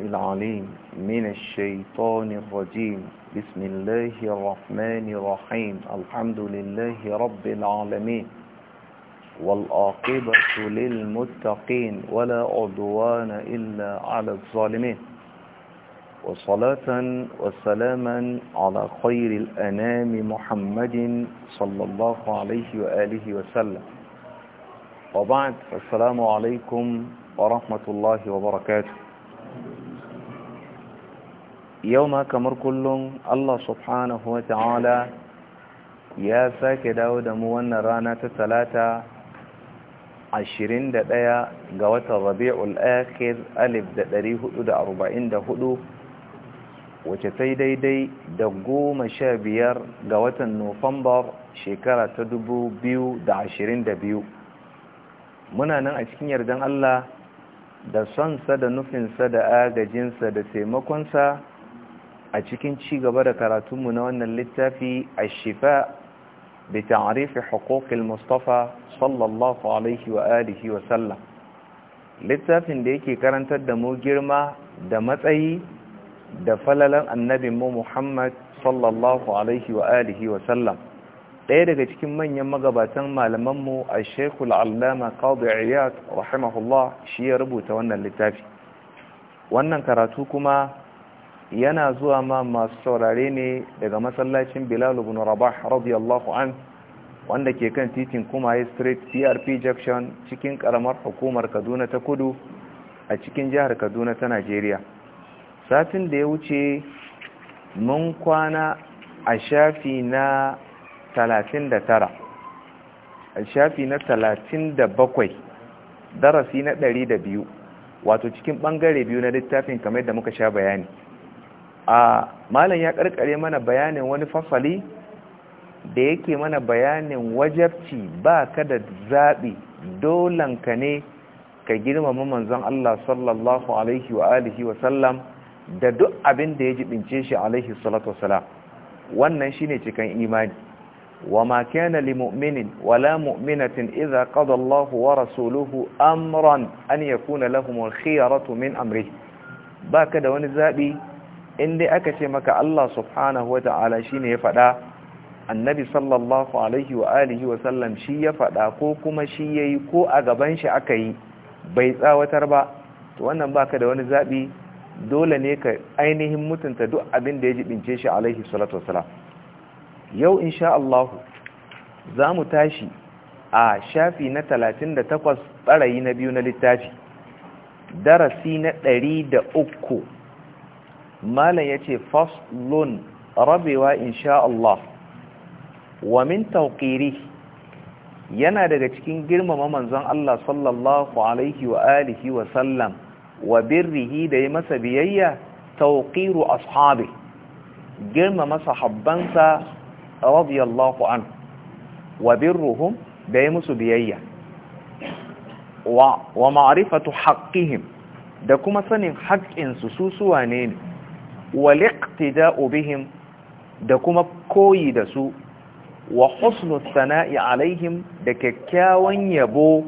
العليم من الشيطان الرجيم بسم الله الرحمن الرحيم الحمد لله رب العالمين والآقبة للمتقين ولا عدوان إلا على الظالمين وصلاة وسلاما على خير الأنام محمد صلى الله عليه وآله وسلم وبعد السلام عليكم ورحمة الله وبركاته yau ma kamar kullum Allah subhanahu wa ta'ala ya sake dawo da mu wannan rana ta talata 21 ga watan rabi'ul akhir 1444 wace sai daidai da goma sha biyar ga watan nufambar shekara ta dubu biyu da ashirin da biyu muna nan a cikin yardan Allah da sonsa da nufinsa da agajinsa da taimakonsa a cikin ci gaba da karatunmu na wannan littafi a shifa da ta'arifi haƙoƙil mustafa sallallahu alaihi wa alihi wa sallam littafin da yake karantar da mu girma da matsayi da falalan annabinmu muhammad sallallahu alaihi wa alihi wa sallam ɗaya daga cikin manyan magabatan malamanmu a shekul allama qadi ayyat rahimahullah shi ya rubuta wannan littafi wannan karatu kuma yana zuwa ma masu saurare ne daga masallacin bilal ibn rabah radiyallahu an wanda ke kan titin kumaye street trp junction cikin karamar hukumar kaduna ta kudu a cikin jihar kaduna ta nigeria satin da ya wuce mun kwana a shafi na 39 a shafi na 37 darasi na 102 wato cikin bangare biyu na littafin kamar da muka sha bayani a malam ya karkare mana bayanin wani fasali da yake mana bayanin wajabci ba ka da zaɓi dolanka ne ka girmama manzon Allah sallallahu alaihi wa alihi wa sallam da duk abin da ya jibince shi alaihi salatu wasalam wannan shine cikan imani wama kana limu'minin wala mu'minatin iza qada Allahu wa rasuluhu amran an yakuna lahum al-khiyaratu min amri baka da wani zaɓi. in dai aka ce maka Allah subhanahu wata'ala shine ya faɗa annabi sallallahu alaihi wa alihi wa sallam shi ya faɗa ko kuma shi yayi ko a gaban shi aka yi bai tsawatar ba to wannan baka da wani zabi dole ne ka ainihin mutunta duk abin da ya jibince shi alaihi salatu yau insha'allahu Allah za mu tashi a shafi na 38 ɓarayi na biyu na littafi darasi na uku. malam ya ce faslun rabewa insha Allah wa min tauƙiri yana daga cikin girmama manzon Allah sallallahu alaihi wa alihi wa sallam wa birrihi da ya masa biyayya tauƙiru ashabi girmama sahabbansa radiyallahu an wa birruhum da ya musu biyayya wa ma'rifatu haqqihim da kuma sanin haƙƙinsu su suwane ne waliqtida'u bihim da kuma koyi da su wa husnu sana'i alaihim da kyakkyawan yabo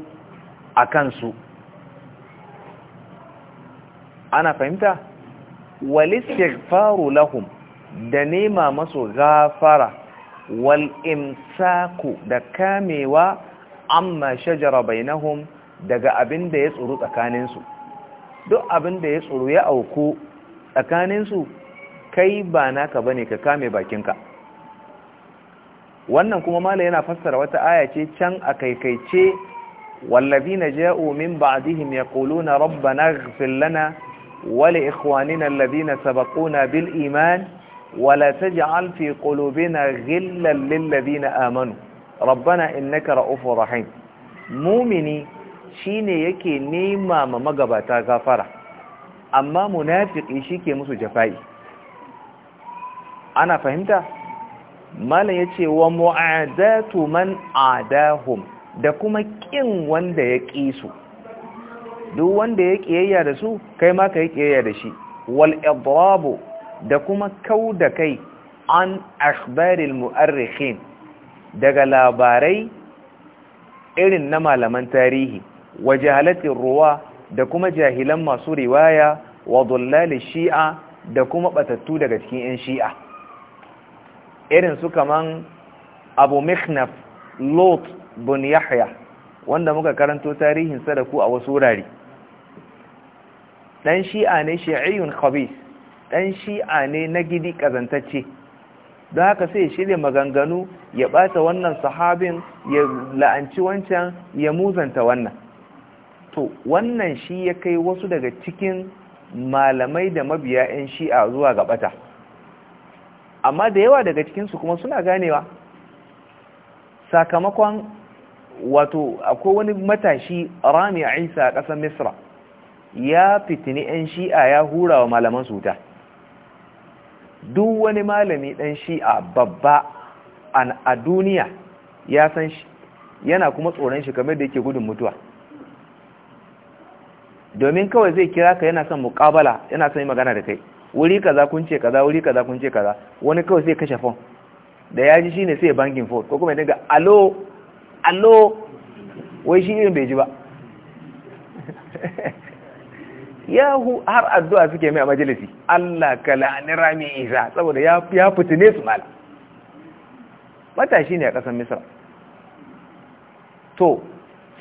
a kansu ana fahimta walistighfaru lahum da nema masu gafara wal imsaku da kamewa amma shajara bainahum daga abin da ya tsoro tsakaninsu duk abin da ya tsuru ya auku tsakaninsu kai ba naka ba ne ka kame bakinka wannan kuma mala yana fassara wata aya ce can a kaikaice wallafi na ja'o min ba'dihim ya kulu na rabba na lana wale ikhwanina allazina bil iman wala taj'al fi qulubina ghillan lil ladina amanu rabbana innaka ra'ufur rahim mumini ne yake nema ma magabata gafara amma munafiki shi ke musu jafa'i ana fahimta malam ya ce wa mu'adatu man adahum da kuma kin wanda ya kisu duk wanda ya kiyayya da su kai ma ka kiyayya da shi wal idrabu da kuma kau da kai an akhbaril mu'arrikhin daga labarai irin na malaman tarihi wa jahalatin ruwa da kuma jahilan masu riwaya wa dullali shi'a da kuma batattu daga cikin 'yan shi'a irin su kaman abu mikhnaf lot bin yahya wanda muka karanto tarihin ku a wasu wurare dan shi'a ne shi'iyun khabis dan shi'a ne na gidi kazantacce don haka sai shirya maganganu ya ɓata wannan sahabin ya la'anci wancan ya muzanta wannan to wannan shi ya kai wasu daga cikin malamai da mabiya 'yan shi'a zuwa gabata, amma da yawa daga cikinsu kuma suna ganewa sakamakon wato akwai wani matashi rami isa a ƙasar misra ya fitini 'yan shi'a ya hura wa malaman suta duk wani malami ɗan shi'a babba a duniya ya san shi yana kuma tsoron shi kamar da yake gudun mutuwa domin kawai zai kira ka yana son muƙabala yana son yi magana da kai wuri kaza kun ce kaza wuri kaza kun ce kaza wani kawai sai kashe fon da ya ji shi ne sai bankin fon ko kuma ya daga alo alo wai shi irin bai ji ba yahu har addu'a suke mai a majalisi Allah ka la'ani rami isa saboda ya fitine su mala matashi ne a ƙasar misra to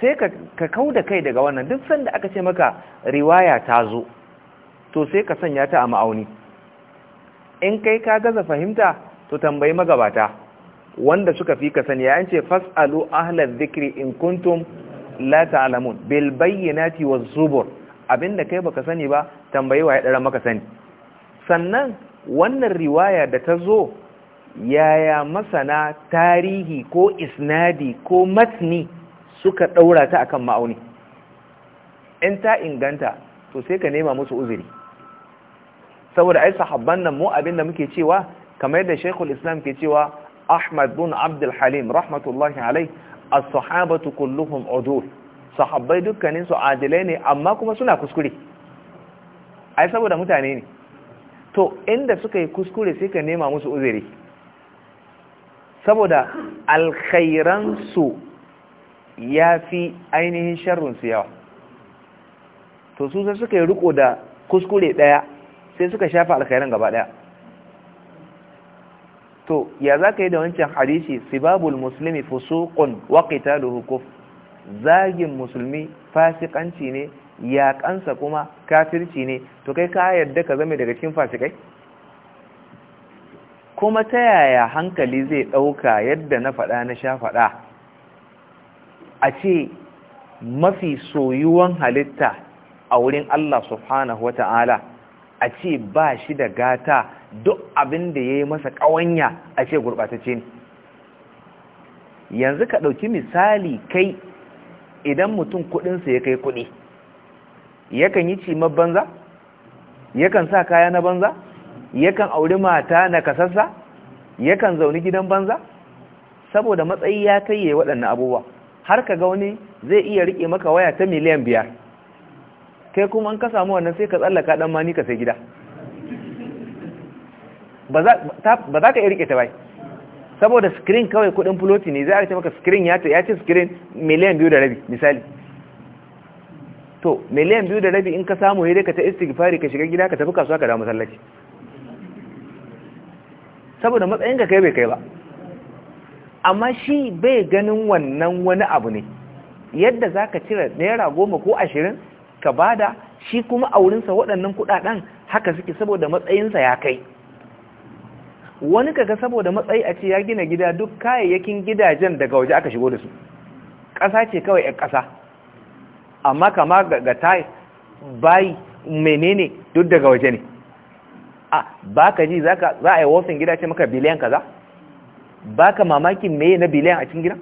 sai ka kau da kai daga wannan duk sanda aka ce maka riwaya ta zo to sai ka sanya ta a ma'auni in kai ka gaza fahimta to tambayi magabata wanda suka fi ka sani yayin ce fasalu ahlal dhikri in kuntum la ta'lamun bil bayyinati waz zubur abinda kai baka sani ba tambayi wa ya dara maka sani sannan wannan riwaya da ta zo yaya masana tarihi ko isnadi ko matni suka ɗaura ta akan ma'auni in ta inganta to sai ka nema musu uzuri saboda ai sahabban nan mu abin da muke cewa kamar yadda shekul islam ke cewa ahmad bin abdul halim rahmatullahi alai as-sahabatu kulluhum udul sahabbai dukkanin su adilai ne amma kuma suna kuskure ai saboda mutane ne to inda suka yi kuskure sai ka nema musu uzuri saboda alkhairansu ya fi ainihin sharrinsu yawa to su sai suka yi riko da kuskure ɗaya sai suka shafa alkhairan gaba ɗaya to ya za ka yi da wancan hadisi sibabul musulmi fusuqun wa qitaluhu kuf zagin musulmi fasikanci ne ya kansa kuma kafirci ne to kai ka yarda ka zame daga cikin fasikai kuma ta yaya hankali zai ɗauka yadda na faɗa na sha faɗa a ce mafi soyuwan halitta a wurin Allah subhanahu ta'ala a ce ba shi da gata duk abin da ya yi masa ƙawanya a ce gurɓatacce ne yanzu ka ɗauki misali kai idan mutum kuɗinsa ya kai kuɗi yakan yi cimar banza yakan sa kaya na banza yakan auri mata na yakan zaune gidan banza saboda matsayi ya kai ya yi waɗannan abubuwa har ka ga wani zai iya rike maka waya ta miliyan biyar kai kuma an ka samu wannan sai ka tsallaka dan mani ka sai gida ba za ka iya rike ta bai saboda screen kawai kudin fuloti ne za a ce maka screen ya ce screen miliyan biyu da rabi misali to miliyan biyu da rabi in ka samu ya ka ta istighfari ka shiga gida ka tafi kasuwa ka da masallaci saboda matsayin ka kai bai kai ba amma shi bai ganin wannan wani abu ne yadda za ka cire naira goma ko ashirin ka bada shi kuma a wurinsa waɗannan kuɗaɗen haka suke saboda matsayinsa ya kai wani kaga saboda matsayi a ce ya gina gida duk kayayyakin gidajen daga waje aka shigo da su ƙasa ce kawai 'yan ƙasa amma kama ga tayi bayi menene duk daga waje ne a ba ka ji za a yi wasan gida ce maka biliyan kaza baka mamakin meye na biliyan a cikin gidan?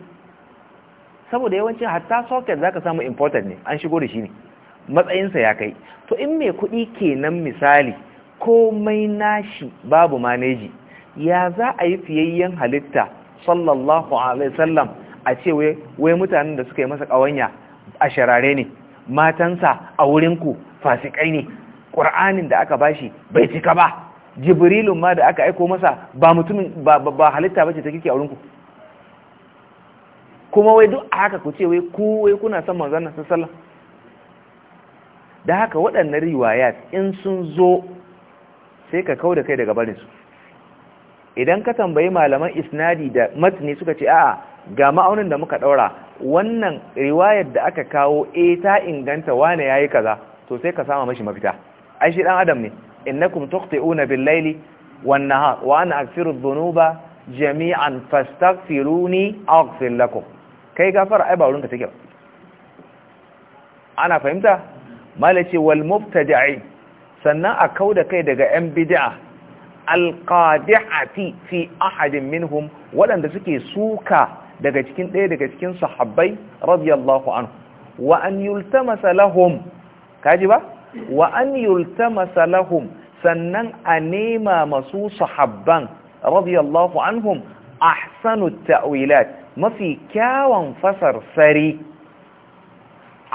saboda yawanci hatta socket zaka samu important ne an shigo da shi ne matsayinsa ya kai to in mai kuɗi kenan misali komai nashi babu maneji ya za a yi fiyayyen halitta sallallahu alaihi sallam a ce wai mutanen da suka yi masa ƙawanya a sharare ne matansa a wurin ku fasikai ne ƙur'anin da aka bashi bai cika ba jibrilun ma da aka aiko masa ba mutumin ba halitta bace ta kike a wurinku kuma wai duk haka ku ce wai ku wai kuna son manzon nan sallallahu da haka waɗannan riwayat in sun zo sai ka kauda kai daga barinsu idan ka tambayi malaman isnadi da matni suka ce a'a ga ma'aunin da muka ɗaura wannan riwayar da aka kawo e ta inganta wane yayi kaza to sai ka sama mashi mafita ai shi dan adam ne innakum tuqti'una bil-laili wan-nahar wa ana aghfiru dhunuba jami'an fastaghfiruni aghfir lakum kai gafara ai ba wurin ka take ba ana fahimta malace wal mubtadi'i sannan a kauda kai daga yan bid'a alqadi'ati fi ahadin minhum waɗanda suke suka daga cikin ɗaya daga cikin sahabbai radiyallahu anhu wa an yultamasa lahum kaji ba wa an yultamasa lahum sannan a nema masu sahabban radiyallahu anhum ahsanu ta'wilat mafi kyawun fasarsari sari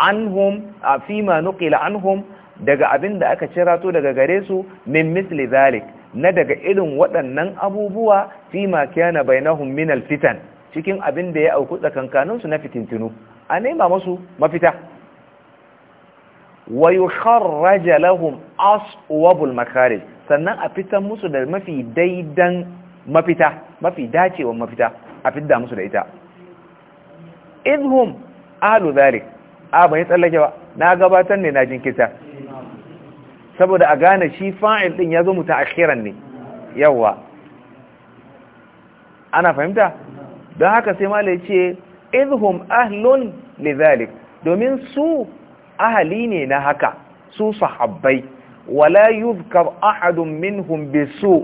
anhum a ma Nukila anhum daga abin da aka cirato daga gare su min misli zalik na daga irin waɗannan abubuwa fi ma kana bainahum min alfitan cikin abin da ya auku tsakankaninsu na fitintinu a nema masu mafita wa yukharraj lahum aswabul makarij sannan a fitar musu da mafi daidan mafita mafi dacewan mafita a fidda musu da ita idhum ahlu zalik a bai tsallake ba na gabatar ne na jinkita saboda a gane shi fa'il din muta mutaakhiran ne yawa ana fahimta don haka sai malai ce idhum ahlun zalik domin su ahali ne na haka su sahabbai wala yuzkar ahadun minhum bisu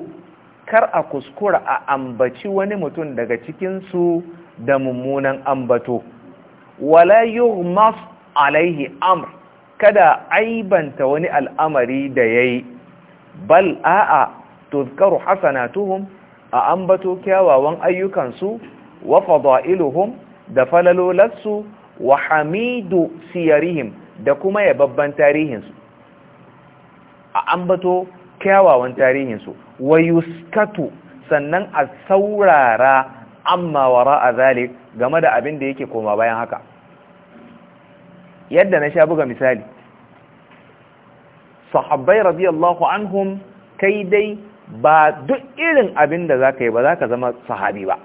kar a kuskura a ambaci wani mutum daga cikin su da mummunan ambato wala yughmas alaihi amr kada aibanta wani al'amari da yayi bal a'a tuzkaru hasanatuhum a ambato kyawawan ayyukan su wa fada'iluhum da falalolarsu wa hamidu siyarihim da kuma ya babban tarihinsu a ambato kyawawan tarihinsu wa yuskatu sannan a saurara amma wara a zalik game da abin da yake koma bayan haka yadda na sha buga misali sahabbai radiyallahu anhum kai dai ba duk irin abin da za ka yi ba za ka zama sahabi ba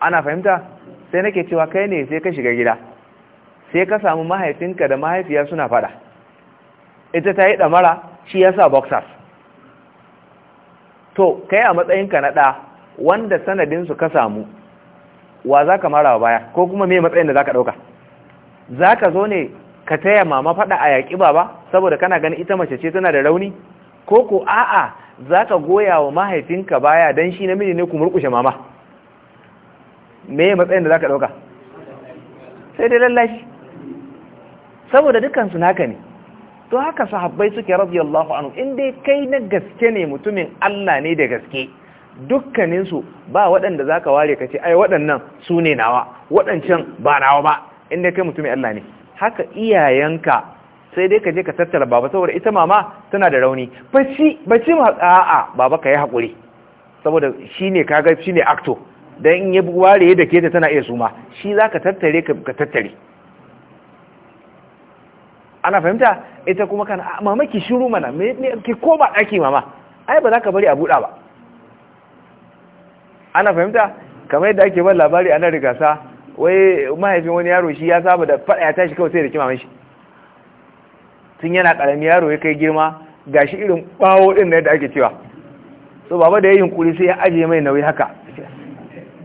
ana fahimta sai nake cewa kai ne sai ka shiga gida sai ka samu mahaifinka da mahaifiya suna fada ita ta yi damara shi ya sa boxers to kai a matsayinka na ɗa wanda sanadinsu ka samu wa za ka mara baya ko kuma me matsayin da za ka ɗauka za ka zo ne ka taya mama faɗa a yaƙi ba saboda kana gani ita mace ce tana da rauni ko ko a'a za ka goya wa mahaifinka baya don shi namiji ne ku murkushe mama me matsayin da za ka ɗauka sai dai lallashi saboda dukansu naka ne to haka sahabbai suke radiyallahu anhu in dai kai na gaske ne mutumin Allah ne da gaske dukkaninsu ba waɗanda zaka ware ka ce ai waɗannan su ne nawa waɗancan ba nawa ba in kai mutumin Allah ne haka iyayenka sai dai ka je ka tattara baba saboda ita mama tana da rauni baci baci ma a'a baba ka yi hakuri saboda shine kaga shine acto dan in ya ware da ke ta tana iya suma shi zaka tattare ka tattare ana fahimta ita kuma kana ah, mama ki shiru mana ki koma daki mama ai ba za ka bari a buɗa ba ana fahimta kamar yadda ake ban labari a nan rigasa wai mahaifin wani yaro shi ya saba da faɗa ya tashi kawai sai da kima shi tun yana ƙarami yaro ya kai girma ga shi irin ɓawo ɗin na yadda ake cewa so baba da ya yi yunkuri sai ya ajiye mai nauyi haka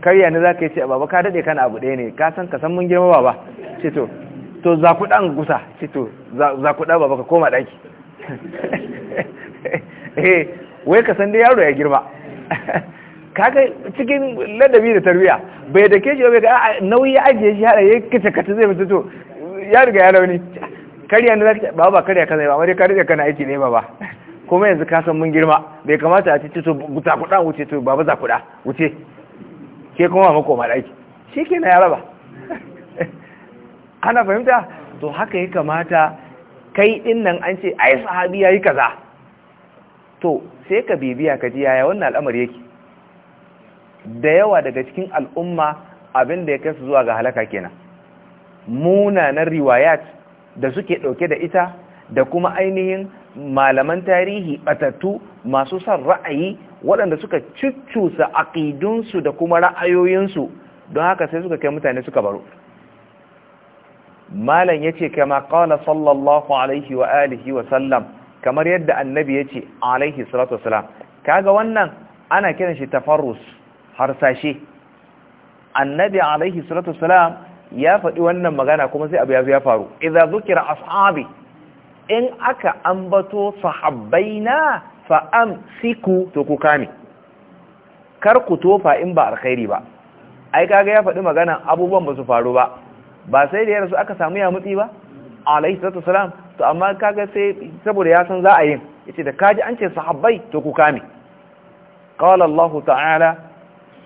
karya ne za ka yi ce baba ka daɗe kana abu ɗaya ne ka san ka san mun girma baba ce to to za ku ɗan gusa ce to za ku ɗaba baka koma ɗaki eh, wai ka san dai yaro ya girma kaga cikin ladabi da tarbiya bai da ke shi bai ga nauyi ajiye shi hada ya kace kace zai mutu to ya riga ya rauni kariya ne zaka ba ba kariya kaza ba amma dai riga kana aiki ne ba ba kuma yanzu ka san mun girma bai kamata a ci to buta kuɗa wuce to baba za kuɗa wuce ke kuma mako ma ɗaki shi na ya raba ana fahimta to haka ya kamata kai din nan an ce ai sahabi yayi kaza to sai ka bibiya ka ji yaya wannan al'amari yake da yawa daga cikin al'umma abin da ya kai su zuwa ga halaka kenan munanan riwayat da suke dauke da ita da kuma ainihin malaman tarihi batattu masu son ra'ayi waɗanda suka cuccusa aƙidunsu da kuma ra'ayoyinsu don haka sai suka kai mutane suka baro malam yace kama qala sallallahu alaihi wa alihi wa sallam kamar yadda annabi yace alaihi salatu wassalam kaga wannan ana kiran shi tafarrus harsashe annabi alaihi salatu wassalam ya faɗi wannan magana kuma sai abu ya ya faru idza zukira ashabi in aka ambato sahabbaina fa amsiku to ku kame kar ku tofa in ba alkhairi ba ai kaga ya faɗi magana abubuwan ba su faru ba ba sai da ya rasu aka samu ya mutsi ba alayhi salatu wasalam to amma kaga sai saboda ya san za a yi yace da kaji an ce sahabbai to ku kame qala Allah ta'ala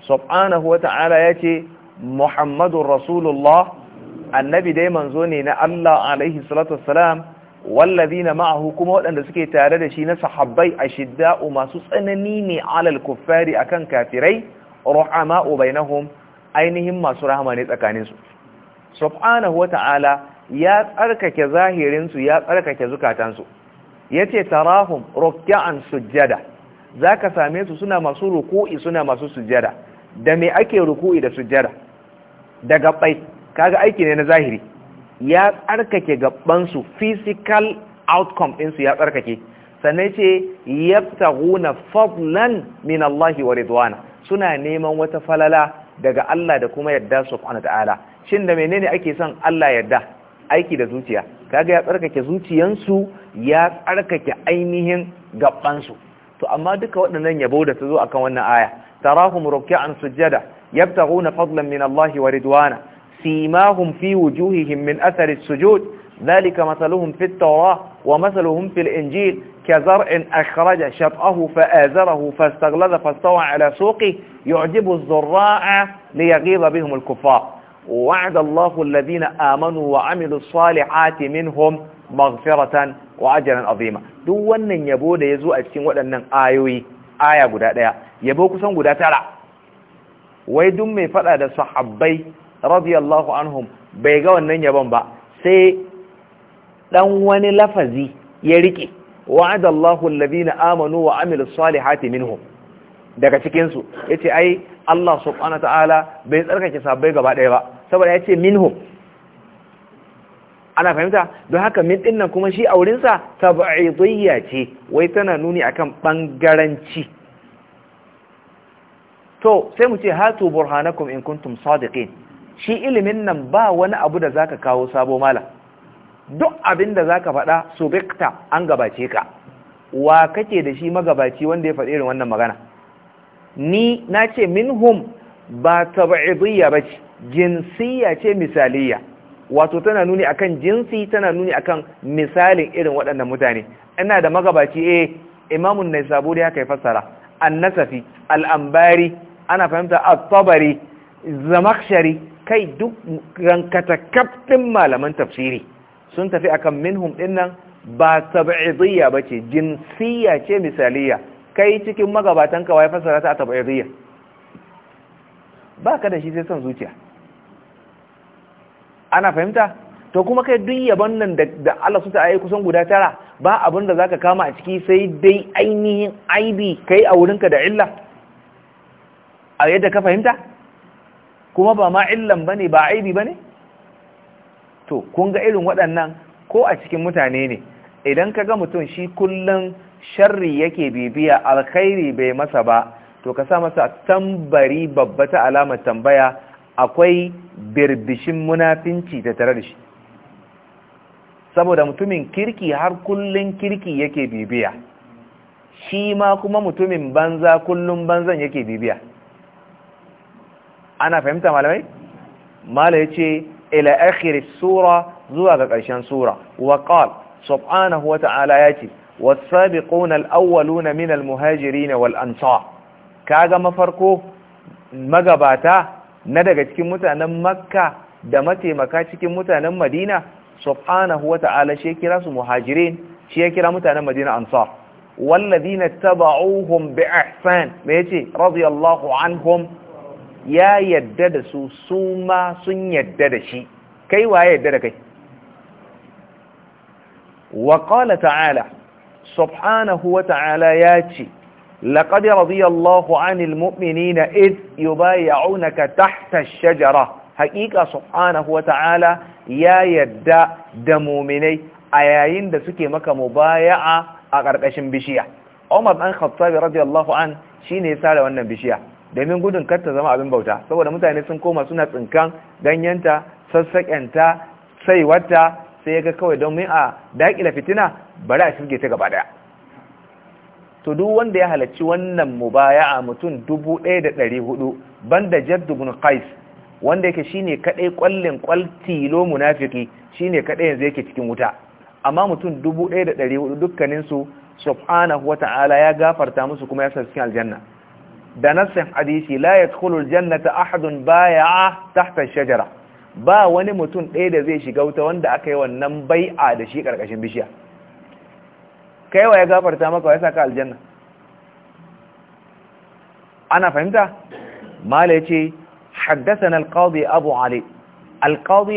subhanahu wa ta'ala yace muhammadur rasulullah annabi dai manzo ne na Allah alayhi salatu wasalam wallazina ma'ahu kuma waɗanda suke tare da shi na sahabbai ashidda'u masu tsanani ne alal kuffari akan kafirai ruhama'u bainahum ainihin masu rahama ne tsakaninsu subhanahu wata'ala ya tsarkake zahirinsu ya tsarkake zukatansu yace tarahum ruk'an sujjada zaka same su suna masu ruku'i suna masu sujjada da me ake ruku'i da sujjada da gabbai kaga aiki ne na zahiri ya tsarkake gabbansu physical outcome su ya tsarkake sannan ce yabtaghuna fadlan min Allah wa ridwana suna neman wata falala daga Allah da kuma yadda subhanahu ta'ala shin da menene ake son Allah yadda aiki da zuciya kaga ya tsarkake zuciyansu ya tsarkake ainihin gabansu to amma duka waɗannan yabo da su zo akan wannan aya tarahum ruk'an sujada yabtaguna fadlan min Allah wa ridwana simahum fi wujuhihim min athari sujud ذلك مثلهم في التوراة ومثلهم في الإنجيل كزرع أخرج شطأه فآزره فاستغلظ فاستوى على سوقه يعجب الزراع ليغيظ بهم الكفار وعد الله الذين آمنوا وعملوا الصالحات منهم مغفرة وأجرا عظيما duk wannan yabo da yazo a cikin waɗannan ayoyi aya guda ɗaya yabo kusan guda tara wai duk mai faɗa da sahabbai radiyallahu anhum bai ga wannan yabon ba sai dan wani lafazi ya rike wa'adallahu alladhina amanu wa amilus salihati minhum daga cikinsu ya ce ai Allah subhanahu ta'ala bai tsarkake sahabbai gaba ɗaya ba saboda ya ce minhu ana fahimta don haka min nan kuma shi a wurinsa tab'idiyya ce wai tana nuni akan bangaranci to sai mu ce hatu burhanakum in kuntum sadiqin shi ilimin nan ba wani abu da zaka kawo sabo mala duk abin da zaka faɗa subikta an gabace ka wa kake da shi magabaci wanda ya faɗi irin wannan magana ni na ce minhum ba tab'idiyya bace jinsiya ce misaliya wato tana nuni akan jinsi tana nuni akan misalin irin waɗannan mutane ina da magabaci eh imamun da haka ya fassara annasafi al'ambari ana fahimta at-tabari zamakshari kai duk rankatakaffin malaman tafsiri sun tafi akan minhum dinnan ba tab'idiyya bace jinsiya ce misaliya kai cikin magabatan ka wai fasara ta tab'idiyya baka da shi sai son zuciya ana fahimta to kuma kai duk yaban nan da Allah su ayi kusan guda tara ba abin da zaka kama a ciki sai dai ainihin aibi kai a wurinka da illa a yadda ka fahimta kuma ba ma illan bane ba aibi bane to kun ga irin waɗannan ko a cikin mutane ne idan ka ga mutum shi kullum sharri yake bibiya alkhairi bai masa ba to ka sa masa tambari babba ta alamar tambaya akwai birbishin munafinci da tare da shi saboda mutumin kirki har kullun kirki yake bibiya shi ma kuma mutumin banza kullun banzan yake bibiya ana fahimta malamai mala yace ila akhiri sura zuwa ga ƙarshen sura wa qal subhanahu wa ta'ala yace was-sabiqun al-awwaluna min al-muhajirin wal-ansar ga mafarko magabata na daga cikin mutanen makka da mataimaka cikin mutanen madina subhanahu wa ta'ala shi kira su muhajirin shi ya kira mutanen madina ansar walladina taba'uhum bi ihsan me yace radiyallahu anhum ya yadda da su su ma sun yadda da shi kai wa yadda da kai wa qala ta'ala subhanahu wa ta'ala ya ce لقد رضي الله عن المؤمنين إذ يبايعونك تحت الشجرة حقيقة سبحانه وتعالى يا يدى دمومني da suke maka مبايعة a بشيع bishiya umar الخطاب رضي الله an shine sare wannan bishiya domin gudun kar ta zama abin bauta saboda mutane sun koma suna tsinkan ganyenta sassaƙenta saiwata sai ya ga kawai domin a daƙila fitina bari a shirge ta gaba daya to duk wanda ya halarci wannan mubaya'a mutum dubu ɗaya da ɗari hudu banda jaddu bin qais wanda yake shine kadai kwallin kwalti tilo munafiki shine kadai yanzu yake cikin wuta amma mutum dubu ɗaya da ɗari hudu dukkanin su subhanahu wata'ala ya gafarta musu kuma ya sa cikin aljanna da nassin hadisi la yadkhulu aljannata ahadun baya'a tahta ash-shajara ba wani mutum ɗaya da zai shiga wuta wanda aka yi wannan bai'a da shi karkashin bishiya kai wa ya gafarta maka wa ya saka aljanna ana fahimta mala yace haddathana al abu ali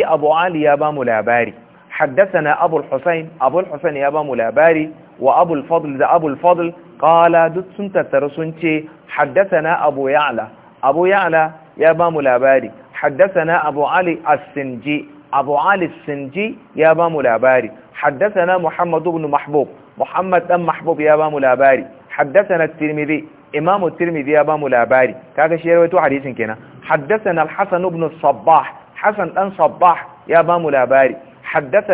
abu ali ya ba mu labari haddathana abu al abu al ya ba mu labari wa abu da abu al qala duk sun tattara sun ce haddathana abu ya'la abu ya'la ya ba mu labari haddathana abu ali as-sinji abu ali as-sinji ya ba mu labari haddasana muhammad ibn mahbub muhammad dan mahbub ya bamu labari haddathana at-tirmidhi imam tirmidhi ya bamu labari kaga shi rawaito hadisin kenan haddathana al-hasan ibn sabbah hasan dan sabbah ya bamu labari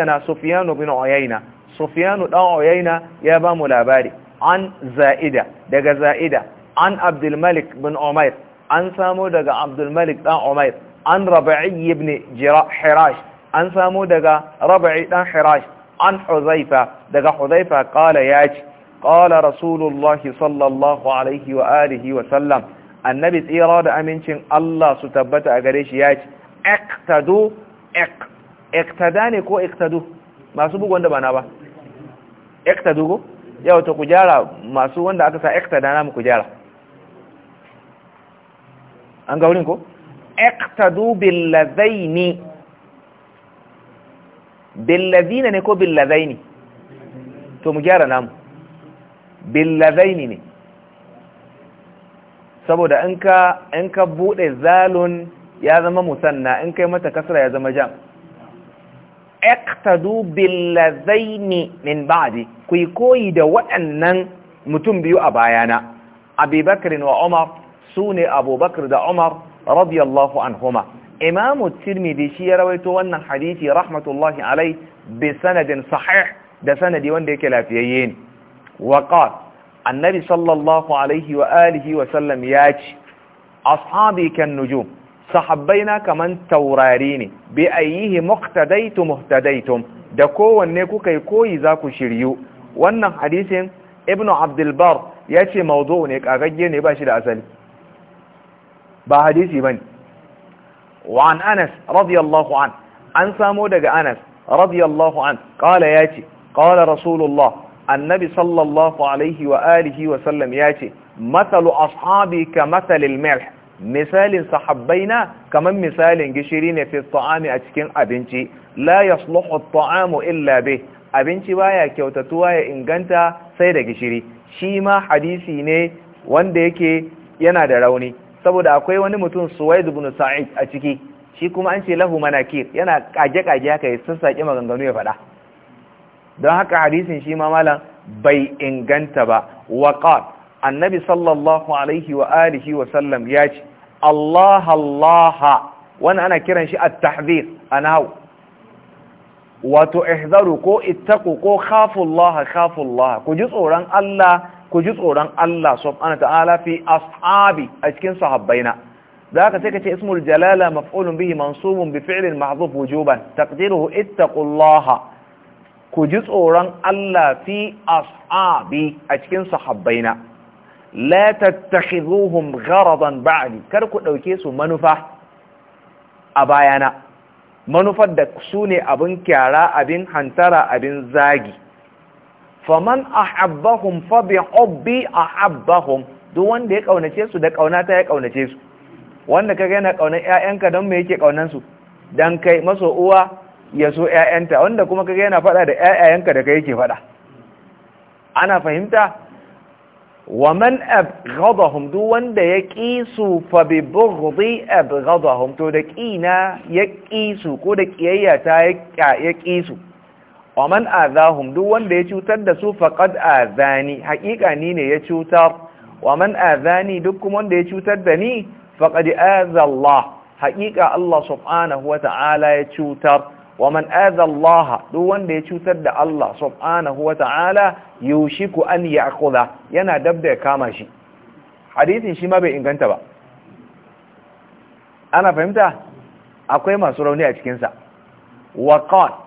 na sufiyanu bin uyayna sufiyanu ɗan uyayna ya bamu labari an za'ida daga za'ida an abdulmalik bin umair an samo daga abdulmalik ɗan dan an rabi'i ibn hirash an samo daga rab'i ɗan hirash an huzaifa daga huzaifa kala ya ce kala rasulullahi sallallahu alaihi wa alihi wa sallam annabi tsira da amincin Allah su tabbata a gare shi ya ce ektado ek ektada ne ko ektado masu bugu wanda ba na ba ektado ko yau ta kujara masu wanda aka sa ektada na mu kujara an ga wurin ko ektado billazaini billazina ne ko billazaini to mu gyara namu billazaini ne saboda in ka bude zalun ya zama musanna in kai mata kasra ya zama jam iqtadu billazaini min ba'di ku koyi da waɗannan mutum biyu a bayana abubakar wa umar sune abubakar da umar radiyallahu anhuma imamu Tirmiti, shi ya rawaito wannan hadisi rahmatullahi alai bi sanadin sahih da sanadi wanda yake lafiyayye ne wa annabi sallallahu alaihi wa alihi wa sallam ya ce ashabi kan nujum sahabbaina kaman taurari ne bi ayyihi muqtadaitu muhtadaytum da kowanne kuka yi koyi za ku shiryu wannan hadisin ibnu abdul bar ya ce mawdu ne kagagge ne ba shi da asali ba hadisi bane وعن أنس رضي الله عنه عن سامودك أنس رضي الله عنه قال ياتي قال رسول الله النبي صلى الله عليه وآله وسلم ياتي مثل أصحابي كمثل الملح مثال صحبينا كمن مثال جشرين في الطعام أتكين أبنتي لا يصلح الطعام إلا به abinci baya kyautatuwa ya inganta sai da gishiri shi ma hadisi ne wanda yake yana da rauni saboda akwai wani mutum suwaid ibn sa'id a ciki shi kuma an ce lahu manakir yana kaje kage haka ya sassaƙe maganganu ya faɗa don haka hadisin shi ma malam bai inganta ba waqat annabi sallallahu alaihi wa alihi wa sallam ya ce Allah Allah wani ana kiran shi at-tahzir a nahwu wato ihzaru ko ittaqu ko khafullaha khafullaha ku ji tsoron Allah ku ji tsoron Allah subhanahu ta'ala fi ashabi a cikin sahabbaina zaka sai kace ismul jalala maf'ulun bihi mansubun bi fi'lin mahdhuf wujuban taqdiruhu ittaqullaha ku ji tsoron Allah fi ashabi a cikin sahabbaina la tattakhiduhum gharadan ba'di kar ku dauke su manufa a bayana manufar da su ne abin kyara abin hantara abin zagi faman a Abahun fabi bi a ahabbahum duk wanda ya kaunace su da kaunata ya ƙaunace su wanda kaga yana kaunan 'ya'yanka don me yake ƙaunansu. don kai maso uwa ya so 'ya'yanta. wanda kuma kaga yana faɗa da 'ya'yanka da kai yake faɗa. ana fahimta wa man abghadahum duk wanda ya kisu fa bi bughdi abghadahum to da ƙina ya kisu ko da ƙiyayya ta ya su. wa man azahum duk wanda ya cutar da su faqad azani haƙiƙa ni ne ya cutar wa man azani duk kuma wanda ya cutar da ni faqad aza Allah haƙiƙa Allah subhanahu wa ta'ala ya cutar wa man Allah duk wanda ya cutar da Allah subhanahu wa ta'ala yushiku an ya'khudha yana dabda ya kama shi hadisin shi ma bai inganta ba ana fahimta akwai masu rauni a cikin sa waqan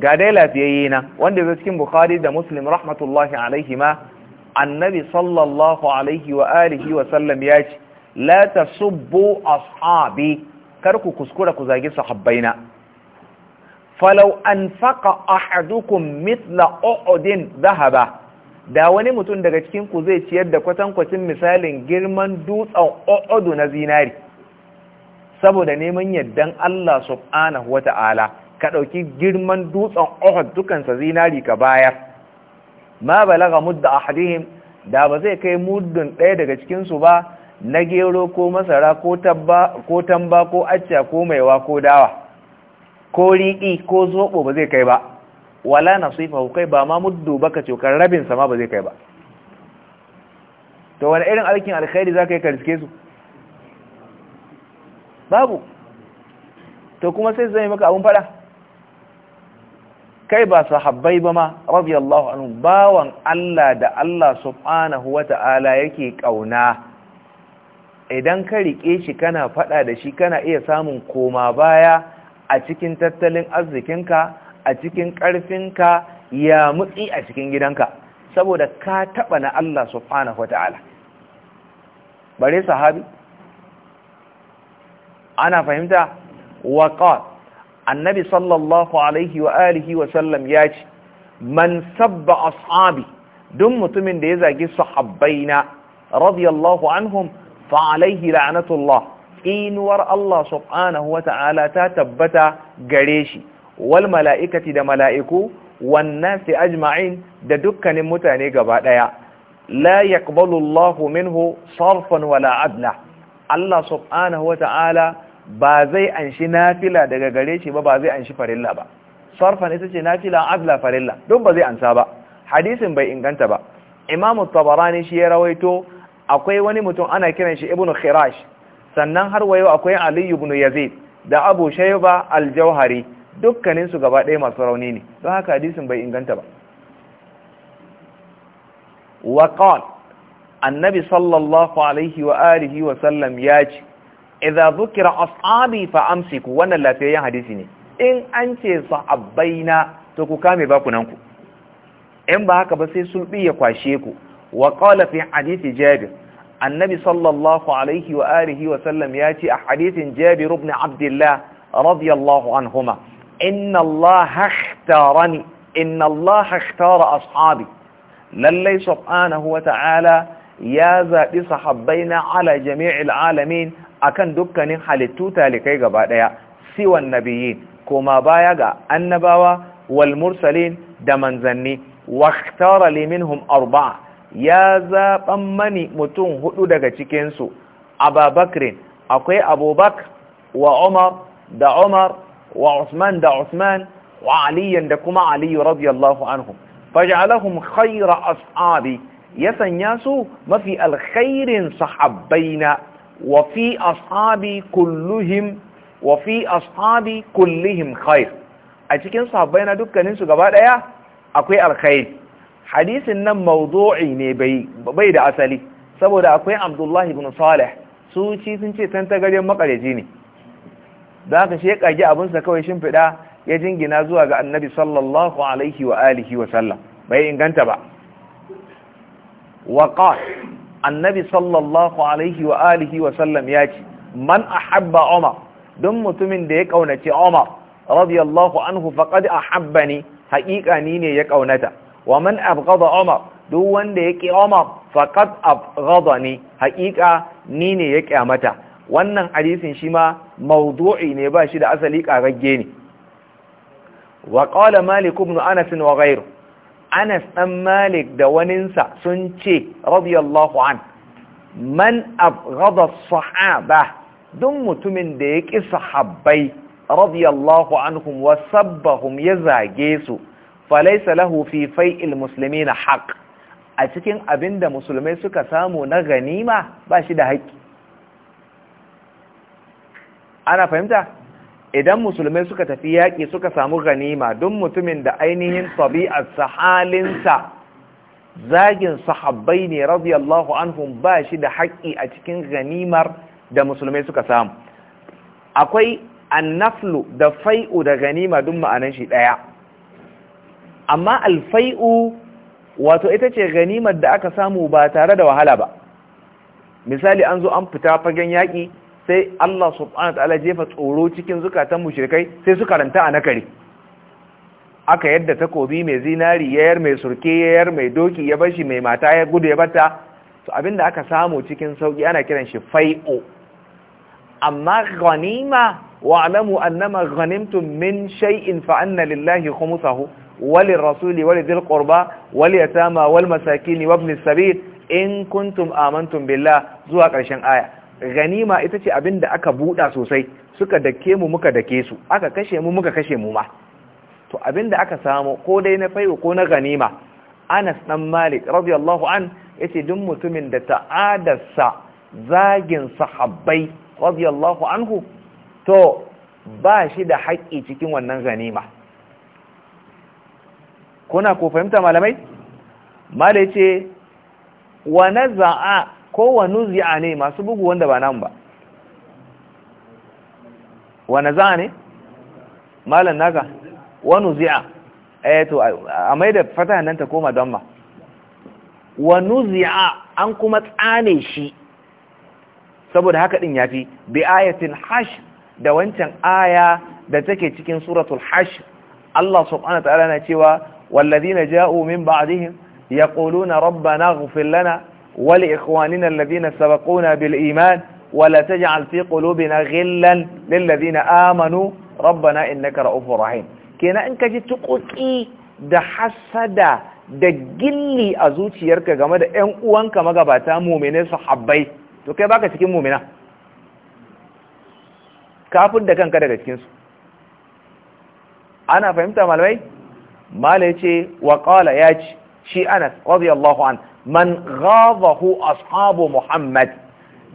ga dai lafiyayye na wanda zai cikin bukhari da muslim rahmatullahi ma annabi sallallahu alaihi wa alihi wa sallam ya ce la tasubbu ashabi kar ku kuskura ku zagi sahabbaina falau an faka ahadukum mitla o'odin zahaba da wani mutum daga cikinku zai ciyar da kwatankwacin misalin girman dutsen o'odu na zinari saboda neman yaddan Allah subhanahu wa ta'ala ka ɗauki girman dutsen o'od dukansa zinari ka bayar ma balaga mudda ahadihim da ba zai kai muddin ɗaya daga cikinsu ba na gero ko masara ko tamba ko acca ko maiwa ko dawa ko riƙi ko zoɓo ba zai kai ba wala na nasifa kai ba ma muddu baka cokar rabin sama ba zai kai ba to wani irin alkin alkhairi za ka yi kariske su babu to kuma sai zai maka abin fada kai ba sahabbai ba ma rabi radiyallahu anu. bawan Allah da Allah subhanahu wata'ala yake kauna idan ka riƙe shi kana fada da shi kana iya samun koma baya a cikin tattalin arzikinka a cikin ƙarfinka ya mutsi a cikin gidanka saboda ka taɓa na Allah subhanahu wata'ala bare sahabi ana fahimta waqat annabi sallallahu alaihi wa alihi wa sallam ya ce man sabba ashabi duk mutumin da ya zagi sahabbaina radiyallahu anhum fa alaihi la'anatullah tsinuwar Allah subhanahu wa ta'ala ta tabbata gare shi wal mala'ikati da mala'iku wannan fi ajma'in da dukkanin mutane gaba ɗaya la yakbalullahu minhu sarfan wala adla Allah subhanahu wa ta'ala ba zai anshi nafila daga gare shi ba ba zai anshi farilla ba sarfan ita ce nafila adla farilla don ba zai ansa ba hadisin bai inganta ba Imam tabarani shi ya rawaito akwai wani mutum ana kiran shi ibnu khirash sannan har wayo akwai aliyu ibn yazid da abu shayba al-jauhari dukkanin su gaba ɗaya masu rauni ne don haka hadisin bai inganta ba wa qala annabi sallallahu alaihi wa alihi wa sallam ya ce idza zukira ashabi fa amsiku wannan lafiyayyen hadisi ne in an ce sahabbaina to ku kame ba ku nanku. in ba haka ba sai sulbi ya kwashe ku wa qala fi hadisi jabir annabi sallallahu alaihi wa alihi wa sallam ya ce a hadithin jabir ibn abdullah radiyallahu anhuma inna allaha ikhtarani inna allaha ikhtara ashabi lallai subhanahu wa ta'ala ya zaɓi sahabbaina ala jami'il alamin akan dukkanin halittu talikai gaba ɗaya siwan nabiyyin koma baya ga annabawa wal mursalin da manzanni wa ikhtara li minhum arba'a ya zaɓan mani mutum hudu daga cikinsu ababakirin akwai abubak wa umar da umar wa usman da usman wa aliyan da kuma aliyu radiyallahu anhu faj'alahum khayra ashabi ya sanya su mafi alkhairin sahabbaina wa fi ashabi kulluhum wa fi ashabi kullihim khair a cikin sahabbaina dukkaninsu gaba daya akwai alkhairi hadisin nan mawdu'i ne bai da asali saboda akwai abdullahi ibn salih su ci sun ce tanta garin makareji ne da aka shekage abinsa kawai fida? ya jingina zuwa ga annabi sallallahu alaihi wa alihi wa sallam bai inganta ba waƙa annabi sallallahu alaihi wa alihi wa sallam ya ce man ahabba umar don mutumin da ya ƙaunace umar radiyallahu anhu faqad ahabbani haƙiƙa ni ne ya ƙaunata wa man abghada umar duk wanda yake umar faqad abghadani haqiqa ni ne ya mata? wannan hadisin shi ma mawdu'i ne ba shi da asali karagge ne wa qala malik ibn anas wa ghayru anas dan malik da waninsa sun ce radiyallahu an man abghada sahaba duk mutumin da ya ƙi sahabbai radiyallahu anhum wa sabbahum ya zage su Falai Salahu fi fai'il na haƙ. a cikin abinda musulmai suka samu na ganima ba shi da haƙƙi ana fahimta idan musulmai suka tafi yaƙi suka samu ganima don mutumin da ainihin tabi'arsa halinsa zagin sahabbai ne radiyallahu anhum ba shi da haƙƙi a cikin ganimar da musulmai suka samu akwai annaflu da fai'u da ganima duk ma'anan shi ɗaya amma alfai'u wato ita ce ganimar da aka samu ba tare da wahala ba misali an zo an fita fagen yaƙi sai Allah subhanahu ta'ala jefa tsoro cikin zukatan mushrikai sai su karanta a nakari aka yadda takobi mai zinari yayar mai surke yayar mai doki ya bashi mai mata ya gudu ya bata to da aka samu cikin sauki ana kiran shi fai'u amma ghanima wa'lamu annama ghanimtum min shay'in fa anna lillahi khumsahu وللرسول ولذي القربى واليتامى والمساكين وابن السبيل in kuntum amantum billah zuwa ƙarshen aya ganima ita ce abin da aka buɗa sosai suka dake mu muka dake su aka kashe mu muka kashe mu ma to abin aka samo ko dai na fai'u ko na ganima anas dan malik radiyallahu an yace duk mutumin da ta'adarsa zagin sahabbai radiyallahu anhu to ba shi da haƙƙi cikin wannan ganima kuna ko fahimta malamai malai ce. wa naza'a ko wa nuzi'a ne masu bugu wanda ba nan ba wa naza'a ne malan naga wa nuzi'a eh to a mai da fatahan nan ta koma damma wa nuzi'a an kuma tsane shi saboda haka din yafi bi ayatin hash da wancan aya da take cikin suratul hash Allah subhanahu wa ta'ala na cewa والذين جاءوا من بعدهم يقولون ربنا اغفر لنا ولإخواننا الذين سبقونا بالإيمان ولا تجعل في قلوبنا غلا للذين آمنوا ربنا إنك رؤوف رحيم كنا إنك جتقوكي da hasada da gilli a zuciyarka game da 'yan uwanka magabata mumine su habbai to kai baka cikin mumina kafin da kanka daga cikinsu ana fahimta malamai mala yace wa qala ya ce shi Anas radiyallahu an man ghadahu ashabu Muhammad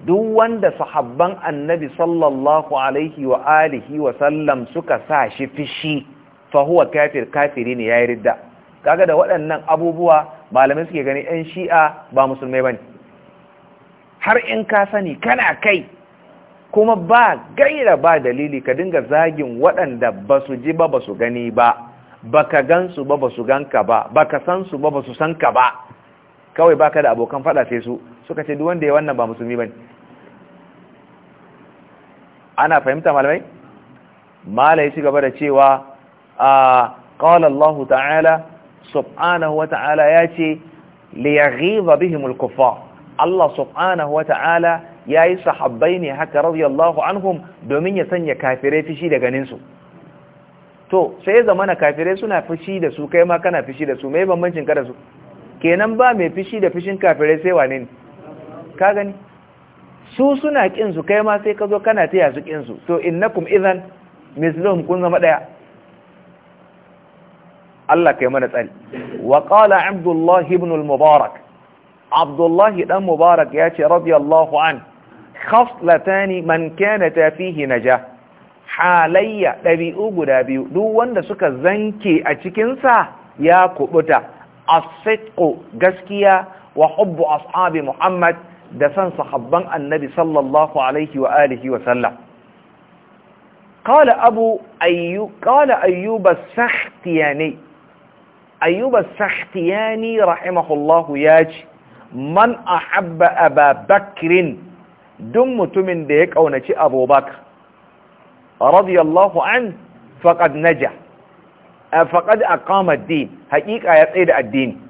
duk wanda sahabban annabi sallallahu alaihi wa alihi wa sallam suka sa shi fishi fa huwa kafir kafiri ne yayi ridda kaga da waɗannan abubuwa malamai suke gani ɗan shi'a ba musulmai bane har in ka sani kana kai kuma ba gaira ba dalili ka dinga zagin waɗanda ba su ji ba ba su gani ba baka gansu ba basu ganka ba baka san su ba su san ka ba kawai baka da abokan fada sai su suka ce duk wanda ya wannan ba musulmi bane ana fahimta malamai malai shi gaba da cewa a qala Allah ta'ala subhanahu wa ta'ala yace li yaghiba bihim al-kuffar Allah subhanahu wa ta'ala yayi sahabbai ne haka radiyallahu anhum domin ya sanya kafirai fishi da ganin su to sai zamana kafirai suna fushi da su kai ma kana fushi da su mai bambancin ka da su kenan ba mai fushi da fushin kafirai sai wane ne ka gani su suna kin su kai ma sai ka zo kana taya su kin su to innakum idan mislum kun zama daya Allah kai mana tsari wa qala abdullah ibn al-mubarak abdullah dan mubarak ya ce radiyallahu an khaslatani man kanata fihi najah halayya ɗabi'u guda biyu duk wanda suka zanke a cikinsa ya kubuta asitku gaskiya wa hubbu ashabi muhammad da san sahabban annabi sallallahu alaihi wa alihi wa sallam qala abu ayyu qala ayyub as-sakhtiyani man a aba bakrin duk mutumin da ya kaunaci abubakar رضي الله عنه فقد نجا فقد أقام الدين حقيقة يسعيد الدين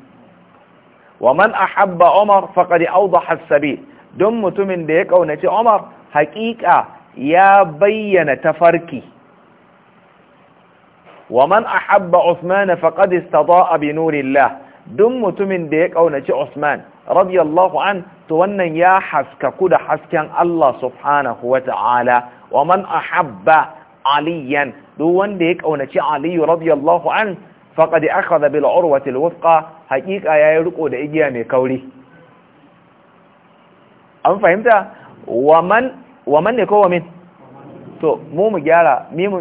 ومن أحب عمر فقد أوضح السبيل دم متمن ديك أو عمر حقيقة يا بين تفركي ومن أحب عثمان فقد استضاء بنور الله duk mutumin da ya kaunaci Usman radiyallahu an to wannan ya haskaku da hasken Allah subhanahu wa ta'ala wa man ahabba aliyan duk wanda ya kaunaci Ali radiyallahu an faqad akhadha bil urwati al wufqa haqiqa yayi riko da igiya mai kauri an fahimta wa man wa man ne ko wa min to mu mu gyara mi mu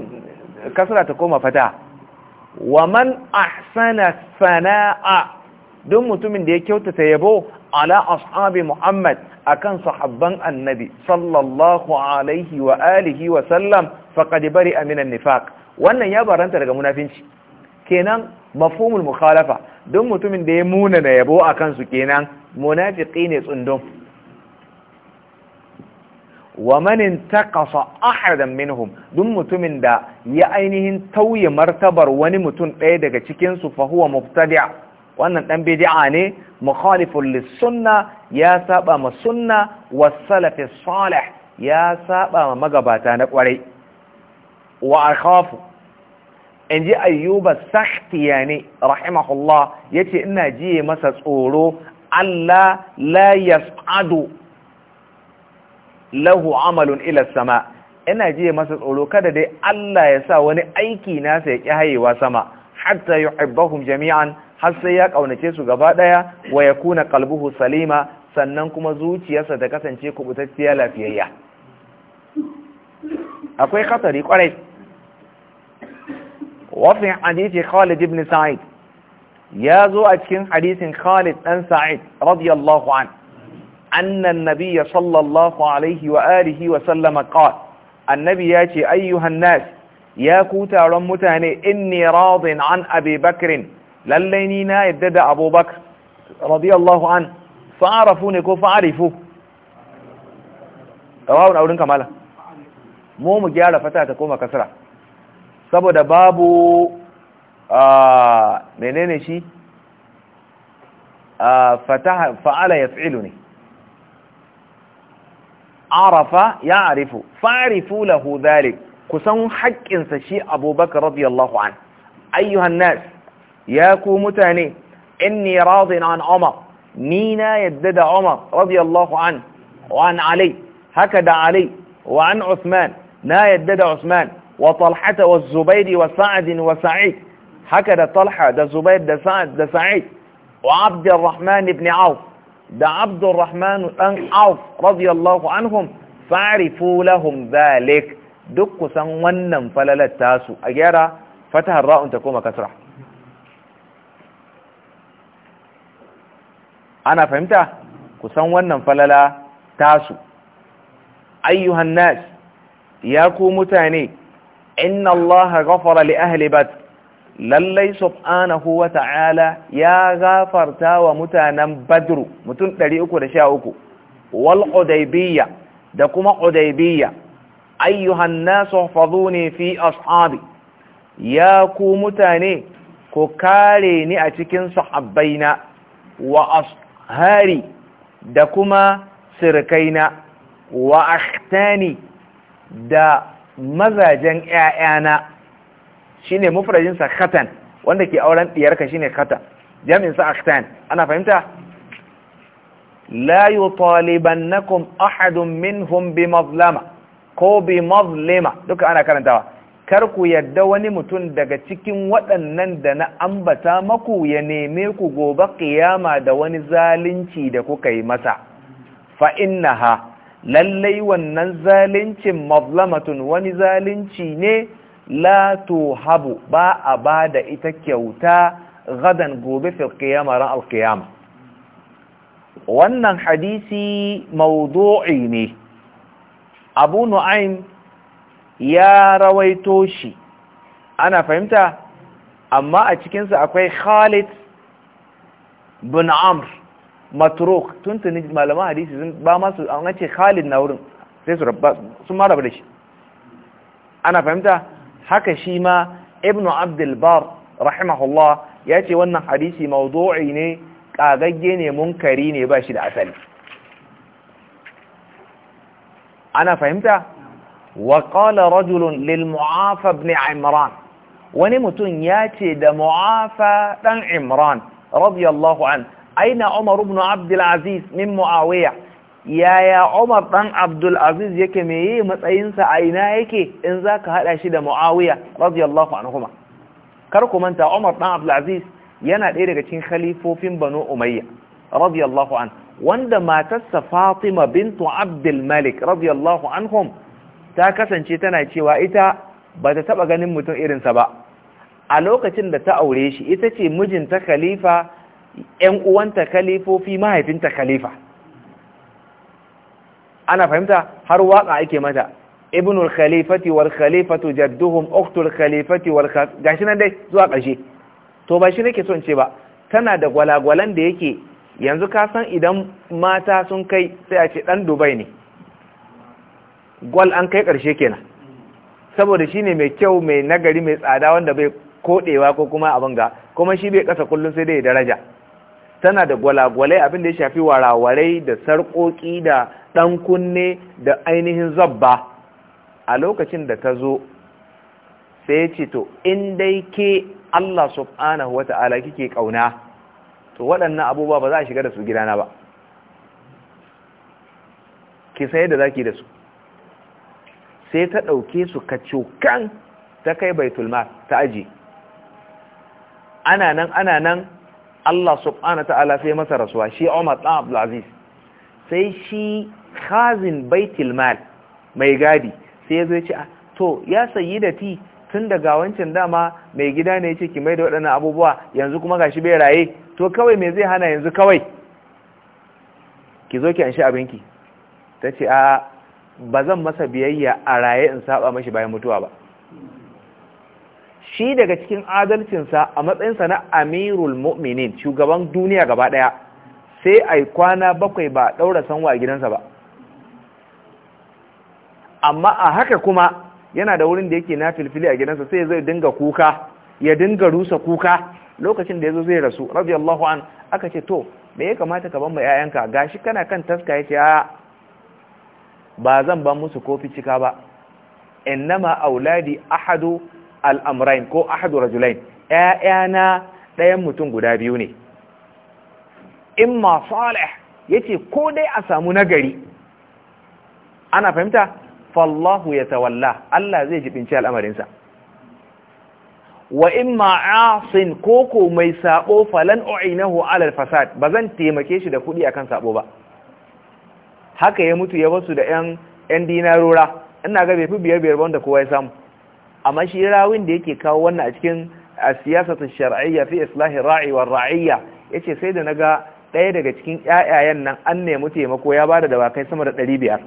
kasra ta koma fata wa man ahsana sana'a don mutumin da ya kyautata yabo ala ashabi muhammad akan sahabban annabi sallallahu alaihi wa alihi wa sallam faqad bari'a minan nifaq wannan ya baranta daga munafinci kenan mafhumul mukhalafa don mutumin da ya muna na yabo akan su kenan munafiki ne tsundum wa manin kasa ahadan minhum duk mutumin da ya ainihin tauye martabar wani mutum ɗaya daga cikin Fahuwa fa mubtadi' wannan dan bid'a ne mukhalifun lis-sunna ya saba ma sunna was-salaf salih ya saba ma magabata na kwarai wa akhafu inji ayyuba sakhtiyani rahimahullah yace ina jiye masa tsoro Allah la yas'adu lahu amalun ila sama ina jiye masa tsoro kada dai Allah ya sa wani aiki nasa ya ƙi hayewa sama hatta yuhibbahum jami'an har sai ya kaunace su gaba daya wa yakuna qalbuhu salima sannan kuma zuciyarsa ta kasance kubutacciya lafiyayya akwai katari kwarai wafin hadisi Khalid ibn Sa'id ya zo a cikin hadisin Khalid dan Sa'id radiyallahu anhu أن النبي صلى الله عليه وآله وسلم قال النبي ياتي أيها الناس يا كوتا رمتاني إني راض عن أبي بكر لليني نائب أبو بكر رضي الله عنه فعرفوني كو فعرفوا rawawun aurin kamala mu mu gyara fata ta koma kasra saboda babu menene shi fataha fa'ala yaf'ilu ne عرف يعرف فاعرفوا له ذلك كسن حق سشي أبو بكر رضي الله عنه أيها الناس ياكو متاني إني راض عن عمر نينا يدد عمر رضي الله عنه وعن علي هكذا علي وعن عثمان نا يدد عثمان وطلحة والزبير وسعد وسعيد هكذا طلحة ده زبير ده سعد ده سعيد وعبد الرحمن بن عوف da abdurrahmanu ɗan auf radiyallahu anhum fa'rifu lahum zalik duk kusan wannan falalar tasu a gyara fatahar ra'un ta koma kasra ana fahimta kusan wannan falala tasu ayyuhan nas ya ku mutane inna allaha ghafara li ahli bat lallai subhanahu wa ta'ala ya gafarta wa mutanen badru mutum 313 wal hudaybiyya da kuma hudaybiyya ayyuhan nasu faduni fi ashabi ya ku mutane ku kare ni a cikin sahabbaina wa ashari da kuma sirkaina wa akhtani da mazajen ƴaƴana shine mufradin sa khatan wanda ke auren diyarka shine khatan jami'in sa akhtan ana fahimta la yutalibannakum ahadun minhum bi mazlama ko bi mazlima duka ana karantawa kar ku yadda wani mutum daga cikin waɗannan da na ambata maku ya neme ku gobe kiyama da wani zalunci da kuka yi masa fa innaha lallai wannan zaluncin mazlamatun wani zalunci ne la tuhabu ba a ba da ita kyauta gadan gobe fil qiyama ran al qiyama wannan hadisi mawdu'i ne abu nu'aym ya rawaito shi ana fahimta amma a cikinsa akwai khalid bin amr matruk tuntuni malaman hadisi sun ba masu an ce khalid na wurin sai su sun ma da shi ana fahimta haka shi ma ibnu abdulbar rahimahullah ya ce wannan hadisi mawdu'i ne kagagge ne munkari ne ba shi da asali ana fahimta wa qala rajulun lil mu'afa ibn imran wani mutun ya ce da mu'afa dan imran radiyallahu an aina umar ibn abdul aziz min muawiya yaya Umar dan Abdul Aziz yake meye matsayinsa a ina yake in zaka hada shi da Muawiya radiyallahu anhuma kar ku manta Umar dan Abdul Aziz yana ɗaya daga cikin khalifofin Banu Umayya radiyallahu an wanda matarsa Fatima bintu Abdul Malik radiyallahu anhum ta kasance tana cewa ita ba ta taba ganin mutum irin sa ba a lokacin da ta aure shi ita ce mijinta khalifa ƴan uwanta khalifofi mahaifinta khalifa ana fahimta har waka ake mata ibnul khalifati wal khalifatu jadduhum uktul khalifati wal gashi nan dai zuwa ƙarshe to ba shi nake son ce ba tana da gwalagwalan da yake yanzu ka san idan mata sun kai sai a ce dan dubai ne gwal an kai ƙarshe kenan saboda shine ne mai kyau mai nagari mai tsada wanda bai kodewa ko kuma abin ga kuma shi bai kasa kullun sai dai daraja tana da gwalagwalai abin da ya shafi warawarai da sarƙoƙi da ɗan kunne da ainihin zabba a lokacin da ta zo sai ya ce to in dai ke Allah subhanahu wa ta'ala kike ƙauna to waɗannan abubuwa ba za a shiga da su gidana ba ki sai da zaki da su sai ta ɗauke su ka cokan ta kai baitulma ta aji ana nan ana nan Allah subhanahu wa ta'ala sai masa rasuwa shi Umar ɗan Abdulaziz sai shi khazin baitul mal mai gadi sai yazo ya ah, to ya sayi da ti tun daga wancan dama mai gida ne ya ce ki mai da waɗannan abubuwa yanzu kuma gashi bai raye to kawai me zai hana yanzu kawai ki zo ki anshi abinki ta a ah, ba zan masa biyayya a raye in saba mashi bayan mutuwa ba shi daga cikin adalcinsa a matsayin matsayinsa na amirul mu'minin shugaban duniya gaba ɗaya sai ai kwana bakwai ba ɗaura sanwa gidansa ba amma a haka kuma yana da wurin da yake na filfili a gidansa sai zai dinga kuka ya dinga rusa kuka lokacin da ya zo zai rasu radiyallahu an aka ce to me ya kamata ka ban ma yayanka gashi kana kan taska ce a ba zan ban musu kofi cika ba innama auladi ahadu al'amrain ko ahadu rajulain na ɗayan mutum guda biyu ne in ma salih ya ce ko dai a samu nagari ana fahimta fallahu ya tawalla Allah zai jibinci al'amarinsa wa in ma'asin koko mai saɓo falan o'inahu alal fasad ba zan taimake shi da kuɗi akan saɓo ba haka ya mutu ya basu da yan yan dinarora ina ga bai fi biyar biyar wanda kowa ya samu amma shi rawin da yake kawo wannan a cikin siyasatun shar'iyya fi islahi ra'iwar wa ya yace sai da na ga ɗaya daga cikin ƴaƴayen nan an nemi taimako ya ba da dawakai sama da ɗari biyar.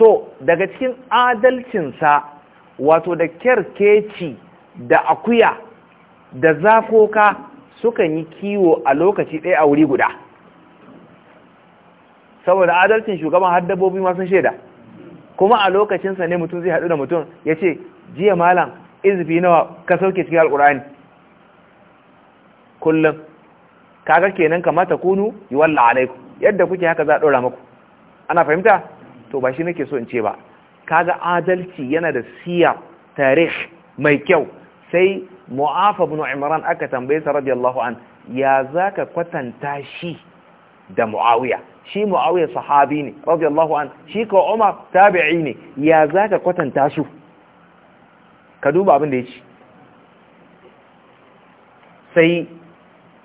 to daga cikin adalcinsa wato da kyarkeci da akuya da zakoka sukan yi kiwo a lokaci ɗaya a wuri guda saboda adalcin shugaban har dabbobi ma shaida kuma a lokacinsa ne mutum zai haɗu da mutum ya ce jiya malam izifi nawa ka sauke cikin alƙur'ani kullum kaga kenan kamata kunu yi walla alaiku yadda kuke haka za a ɗora maku ana fahimta to ba shi nake so in ce ba kaga adalci yana da siyar tarih mai kyau sai mu'afa ibn imran aka tambaye sa radiyallahu an ya zaka kwatanta shi da muawiya shi muawiya sahabi ne radiyallahu an shi ko umar tabi'i ne ya zaka kwatanta su ka duba abin da yake sai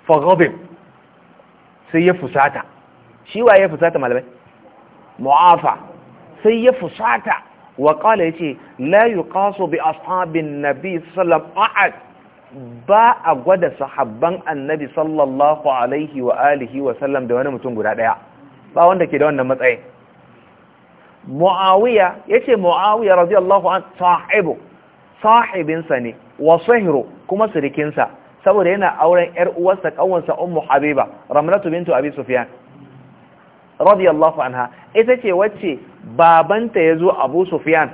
faghadib sai ya fusata shi wa ya fusata malamai mu'afa sai ya fusata wa kala ya ce la yi kaso bi ashabin nabi ba a gwada sahabban annabi sallallahu alaihi wa alihi wa sallam da wani mutum guda daya ba wanda ke da wannan matsayin mu'awiya ya ce mu'awiya radiyallahu an sahibu sahibinsa ne wa sahiru kuma sirikinsa saboda yana auren 'yar uwarsa ƙanwansa ummu habiba ramlatu bintu abi sufyan radiyallahu anha ita ce wacce babanta ya zo abu sufyan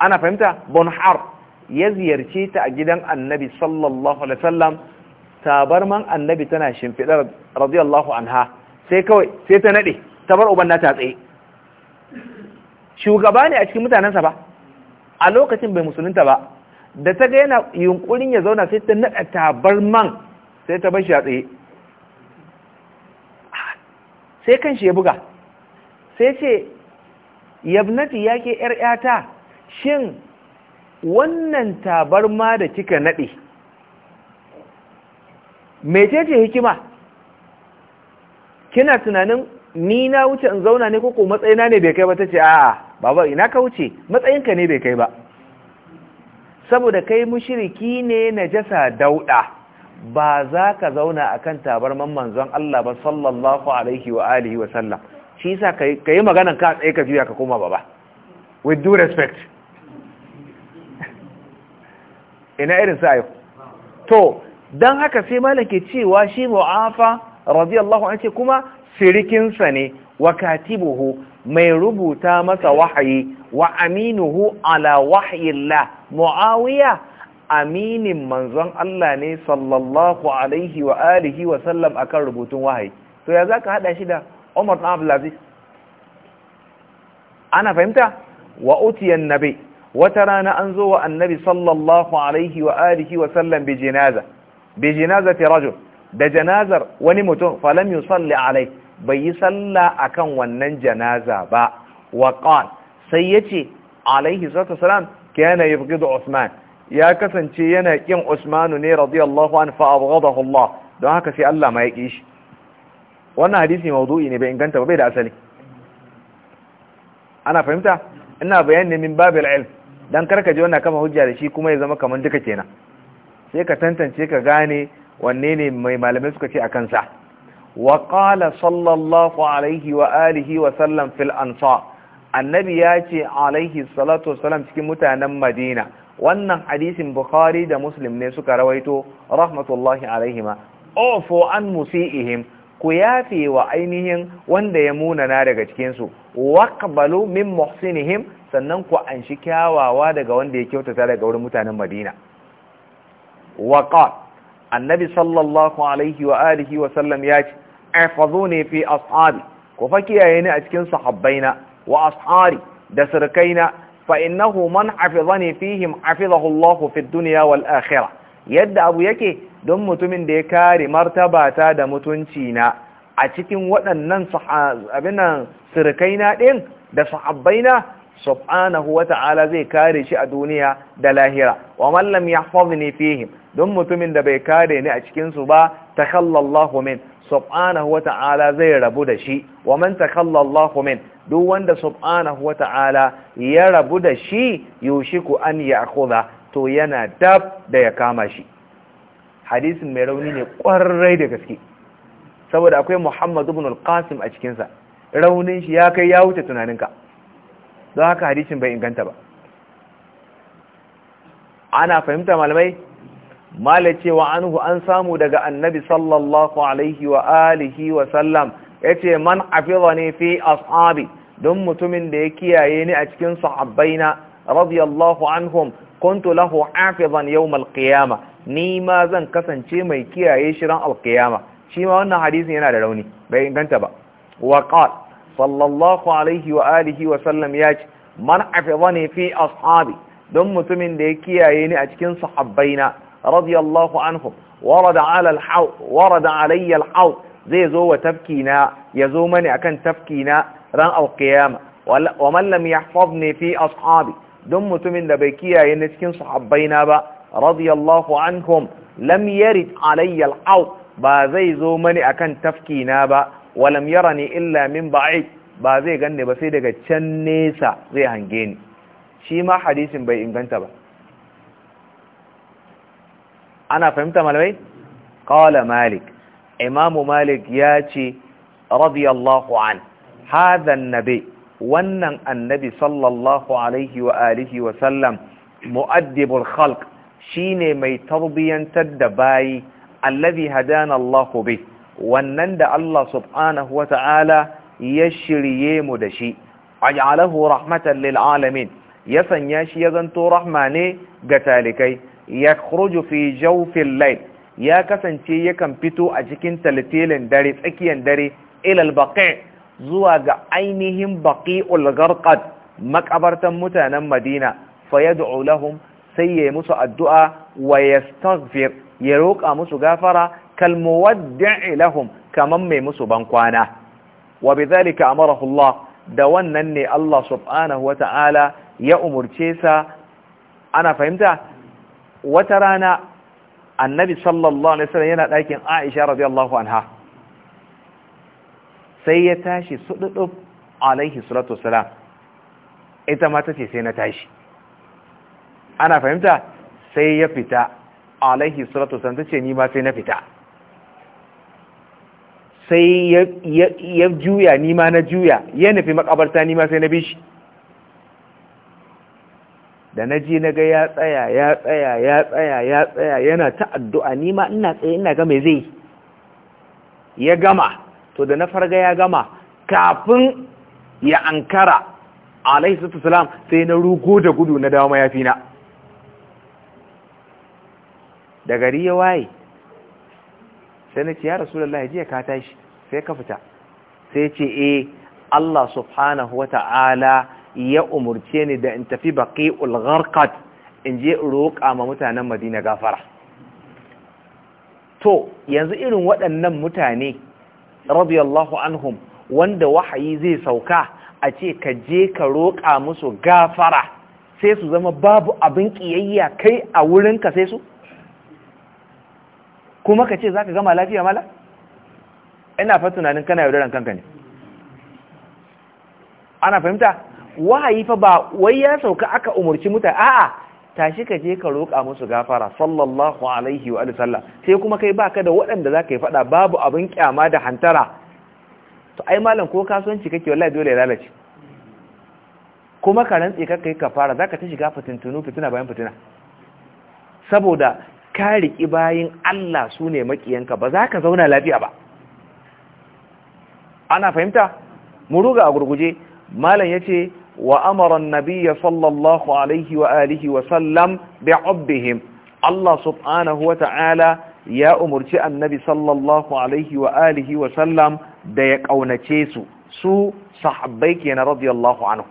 ana fahimta bonhar ya ziyarce ta a gidan annabi sallallahu alaihi wasallam tabarman annabi tana shimfiɗar radiyallahu anha sai kawai sai ta naɗe ta bar uban tsaye shugaba ne a cikin mutanensa ba a lokacin bai musulunta ba da ta ga yana yunkurin ya zauna sai ta naɗa tabarman sai ta bar shi a tsaye sai kan shi ya buga sai ce yabnati ya ke ‘yar'yata shin wannan tabarma da kika naɗe ce hikima kina tunanin ni na wuce in zauna ne koko matsayina ne bai kai ba ta ce a'a baba ina ka wuce matsayinka ne bai kai ba saboda kai mushiriki ne na jasa dauɗa ba za ka zauna a tabar tabarman manzon Allah ba sallallahu alaihi wa alihi wa sallam shi yasa yi maganan ka tsaye ka juya ka koma ba. with due respect ina irin sa yau to don haka sai malam ke cewa shi mu'afa radiyallahu ce kuma sirikinsa ne wa katibuhu mai rubuta masa wahayi wa aminuhu ala Allah muawiya aminin manzon Allah ne sallallahu alaihi wa alihi wa sallam akan rubutun wahayi to ya zaka hada shi da Umar ibn Abdul Aziz ana fahimta wa utiyan nabi wata rana an zo wa annabi sallallahu alaihi wa alihi wa sallam bi jinaza bi jinazati rajul da janazar wani mutum falam yusalli alai bai yi sallah akan wannan janaza ba wa qal sai yace alaihi salatu wasalam kana yubghidu usman ya kasance yana kin Usmanu ne radiyallahu an fa abghadahu Allah don haka sai Allah ma ya ki shi wannan hadisi mawdu'i ne bai inganta ba bai da asali ana fahimta ina bayan ne min babil ilm dan karka ji wannan kama hujja da shi kuma ya zama kamar duka kenan sai ka tantance ka gane wanne ne mai malamai suka ce a kansa wa qala sallallahu alaihi wa alihi wa sallam fil ansa annabi ya ce alaihi salatu wasalam cikin mutanen madina wannan hadisin bukhari da muslim ne suka rawaito rahmatullahi alaihima ofo an musi'ihim ku yafe wa ainihin wanda ya munana daga cikinsu waqbalu min muhsinihim sannan ku anshi kyawawa daga wanda ya kyautata daga wurin mutanen madina waqal annabi sallallahu alaihi wa alihi wa sallam ya ce ihfazuni fi ashabi ku fa kiyaye ni a cikin sahabbaina wa Asari da sirkaina فإنه من حفظني فيهم حفظه الله في الدنيا والآخرة يد أبو يكي دم متمن ديكار مرتبة تاد متنشينا أتكين ودنن صحابنا سركينا ɗin da sahabbaina subhanahu wata'ala zai kare shi a duniya da lahira wa man lam yahfazni fihim don mutumin da bai kare ni a cikin su ba takallallahu min subhanahu zai rabu da shi wa man min duk wanda subhanahu wata'ala ya rabu da shi ku an ya ya'khudha to yana dab da ya kama shi hadisin mai rauni ne kwarai da gaske saboda akwai Muhammad ibn al-Qasim a cikinsa, raunin shi ya kai ya wuce tunaninka don haka hadisin bai inganta ba ana fahimta malamai malace cewa anhu an samu daga annabi sallallahu alaihi wa alihi wa sallam yace man ne fi ashabi don mutumin da ya kiyaye ni a cikin sahabbaina radiyallahu anhum kuntu lahu hafizan yawm alqiyama ni ma zan kasance mai kiyaye shi ran alqiyama shi ma wannan hadisin yana da rauni bai inganta ba wa qala sallallahu alaihi wa alihi wa sallam yace man afidhani fi ashabi don mutumin da ya kiyaye ni a cikin sahabbaina radiyallahu anhum warada ala alhaw warada alayya alhaw zai zo wa tafki na ya zo mani akan tafki na ran alqiyama wa mallam lam yahfazni fi ashabi don mutumin da bai kiyaye ni cikin sahabbaina ba radiyallahu anhum lam yarid alayya al ba zai zo mani akan tafki na ba wa lam yarani illa min ba'id ba zai ganne ba sai daga can nesa zai hange ni shi ma hadisin bai inganta ba ana fahimta malamai qala malik imamu malik ya ce radiyallahu an hadhan nabi wannan annabi sallallahu alaihi wa alihi wa sallam mu'addibul khalq shine mai tarbiyantar da bayi allazi hadana Allah bi wannan da Allah subhanahu wa ta'ala ya shirye mu da shi aj'alahu rahmatan lil alamin ya sanya shi ya zanto rahma ne ga talikai yakhruju fi jawfil layl ya kasance yakan fito a cikin talitelin dare tsakiyar dare ilal baqi zuwa ga ainihin baqi'ul gharqad makabartan mutanen Madina fayad'u lahum sai yayi musu addu'a wa yastaghfir ya roƙa musu gafara kal muwaddi'i lahum kaman mai musu bankwana wa bidhalika amarahu Allah da wannan ne Allah subhanahu wata'ala ya umurce sa ana fahimta wata rana annabi sallallahu alaihi wasallam yana dakin aisha radiyallahu anha sai ya tashi suɗuɗu alaihi salatu wasalam ita ma tace sai na tashi ana fahimta sai ya fita alaihi salatu wasalam tace ni ma sai na fita sai ya juya ni ma na juya ya nufi makabarta ni ma sai na bishi da na ji na ga ya tsaya ya tsaya ya tsaya ya tsaya yana ta addu'a nima ma ina tsaye ina ga mai zai ya gama to da na farga ya gama kafin ya ankara alaihi salam sai na rugo da gudu na dawo mayafi na da gari ya waye sai na ce ya rasulullahi jiya ka tashi sai ka fita sai ce eh Allah subhanahu wata'ala ya umurce ni da in tafi baqi'ul gharqat in je roƙa ma mutanen Madina gafara to yanzu irin waɗannan mutane radiyallahu anhum wanda wahayi zai sauka a ce ka je ka roƙa musu gafara sai su zama babu abin ƙiyayya kai a wurinka sai su kuma ka ce za ka gama lafiya mala ina fa tunanin kana yaudaran kanka ne ana fahimta wahayi fa ba wai ya sauka aka umurci mutane a'a tashi ka je ka roƙa musu gafara sallallahu alaihi wa sallam sai kuma kai baka da waɗanda za ka yi faɗa babu abin kyama da hantara to ai malam ko kasuwanci kake wallahi dole ya lalace kuma ka rantse ka kai za ka ta shiga fitintunu fitina bayan fitina saboda ka riƙi bayin Allah sune makiyanka maƙiyanka ba za ka zauna lafiya ba ana fahimta mu ruga a gurguje malam yace وأمر النبي صلى الله عليه وآله وسلم بعبهم الله سبحانه وتعالى يا أمرتي النبي صلى الله عليه وآله وسلم ديك أو نتيسو su sahabbai kenan radiyallahu anhu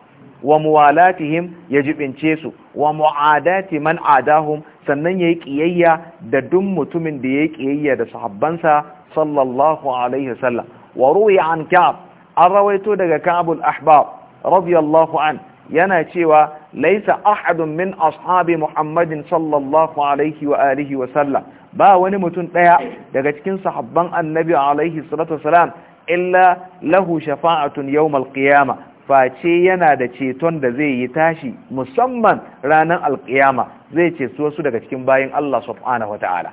wa muwalatihim yajibince su wa muadati man adahum sannan yayi ƙiyayya da duk mutumin da yayi ƙiyayya da sahabbansa sallallahu alaihi wasallam wa ruwi an ka'ab an rawaito daga ka'abul ahbab radiyallahu an yana cewa laisa ahadun min ashabi muhammadin sallallahu alaihi wa alihi wa sallam ba wani mutum daya daga cikin sahabban annabi alaihi salatu wasalam illa lahu shafa'atun yawmal qiyama face yana da ceton da zai yi tashi musamman ranar alqiyama zai ce su wasu daga cikin bayin Allah subhanahu wataala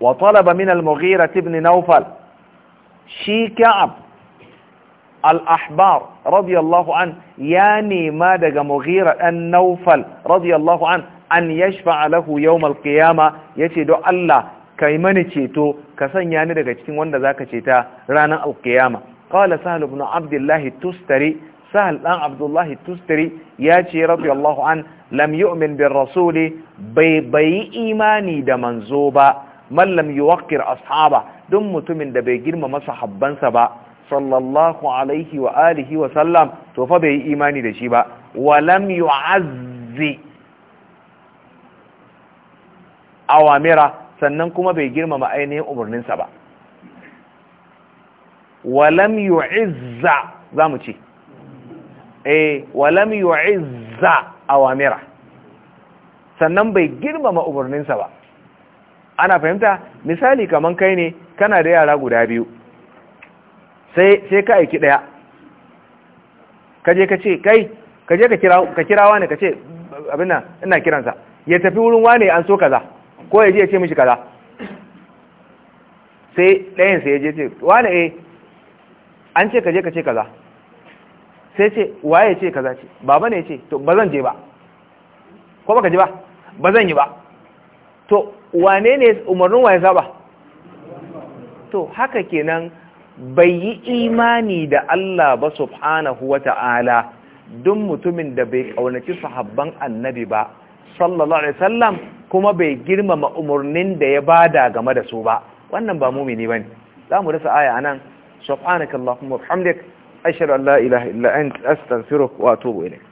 wa talaba min al-mughira ibn nawfal shi ka'ab al-ahbar radiyallahu an ya nema daga mughira dan naufal radiyallahu an an yashfa'a lahu yawm al-qiyama yace do Allah kai mani ceto ka sanya ni daga cikin wanda zaka ceta ranar al-qiyama qala sahl ibn abdullah tustari sahl dan abdullah tustari yace radiyallahu an lam yu'min bir rasuli bai bai imani da manzo ba man lam yuwaqqir ashaba duk mutumin da bai girmama sahabbansa ba sallallahu alaihi wa alihi wa sallam to fa bai yi imani da shi ba wa lam yu'azzi awamira sannan kuma bai girmama ainihin umarninsa ba walam yu'izza za mu ce eh walam yu'izza awamira sannan bai girmama umarninsa ba ana fahimta misali kaman kai ne kana da yara guda biyu sai ka aiki ɗaya ka je ka ce kai ka je ka kira wane ka ce abin ina kiransa ya tafi wurin wane an so kaza ko ya je ya ce mishi kaza sai ɗayan sai ya je ce wane eh an ce ka je ka ce kaza sai ce waye ce kaza ce baba ne ce to ba zan je ba ko baka ji ba bazan zan yi ba to wane ne umarnin waye saba to haka kenan bai yi imani da Allah ba subhanahu wa ta'ala don mutumin da bai ƙaunaci sahabban annabi ba sallallahu alaihi sallam kuma bai girmama umarnin da ya bada game da su ba wannan ba mumini bane za mu rasa aya anan subhanakallahumma wa ashhadu an la ilaha illa anta